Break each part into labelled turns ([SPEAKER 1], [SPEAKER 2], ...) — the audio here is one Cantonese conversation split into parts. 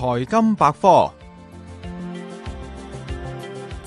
[SPEAKER 1] 財經百科。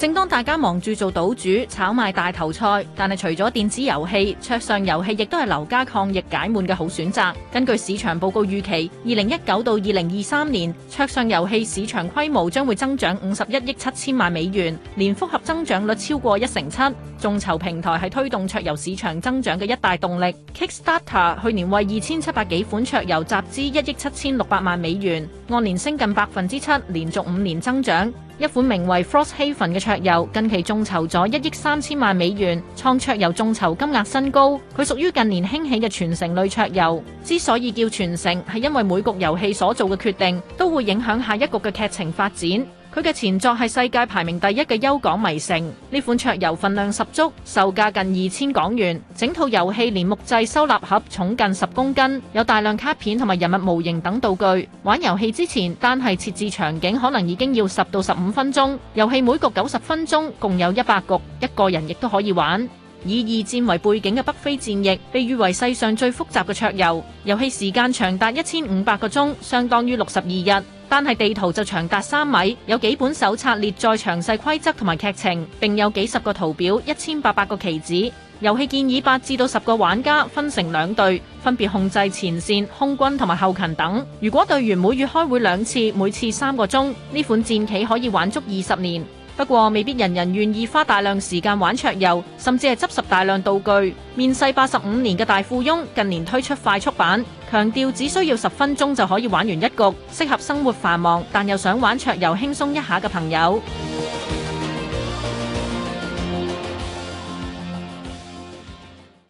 [SPEAKER 2] 正當大家忙住做島主、炒賣大頭菜，但係除咗電子遊戲，桌上遊戲亦都係留家抗疫解悶嘅好選擇。根據市場報告預期，二零一九到二零二三年，桌上遊戲市場規模將會增長五十一億七千萬美元，年複合增長率超過一成七。眾籌平台係推動桌遊市場增長嘅一大動力。Kickstarter 去年為二千七百幾款桌遊集資一億七千六百萬美元，按年升近百分之七，連續五年增長。一款名為 Frosthaven 嘅桌遊近期眾籌咗一億三千萬美元，創桌遊眾籌金額新高。佢屬於近年興起嘅傳承類桌遊。之所以叫傳承，係因為每局遊戲所做嘅決定都會影響下一局嘅劇情發展。佢嘅前作係世界排名第一嘅《幽港迷城》。呢款桌遊份量十足，售價近二千港元。整套遊戲連木製收納盒重近十公斤，有大量卡片同埋人物模型等道具。玩遊戲之前，單係設置場景可能已經要十到十五分鐘。遊戲每局九十分鐘，共有一百局，一個人亦都可以玩。以二戰為背景嘅北非戰役，被譽為世上最複雜嘅桌遊。遊戲時間長達一千五百個鐘，相當於六十二日，但係地圖就長達三米，有幾本手冊列載詳細規則同埋劇情，並有幾十個圖表、一千八百個棋子。遊戲建議八至到十個玩家分成兩隊，分別控制前線、空軍同埋後勤等。如果隊員每月開會兩次，每次三個鐘，呢款戰棋可以玩足二十年。不過未必人人願意花大量時間玩桌遊，甚至係執拾大量道具。面世八十五年嘅大富翁近年推出快速版，強調只需要十分鐘就可以玩完一局，適合生活繁忙但又想玩桌遊輕鬆一下嘅朋友。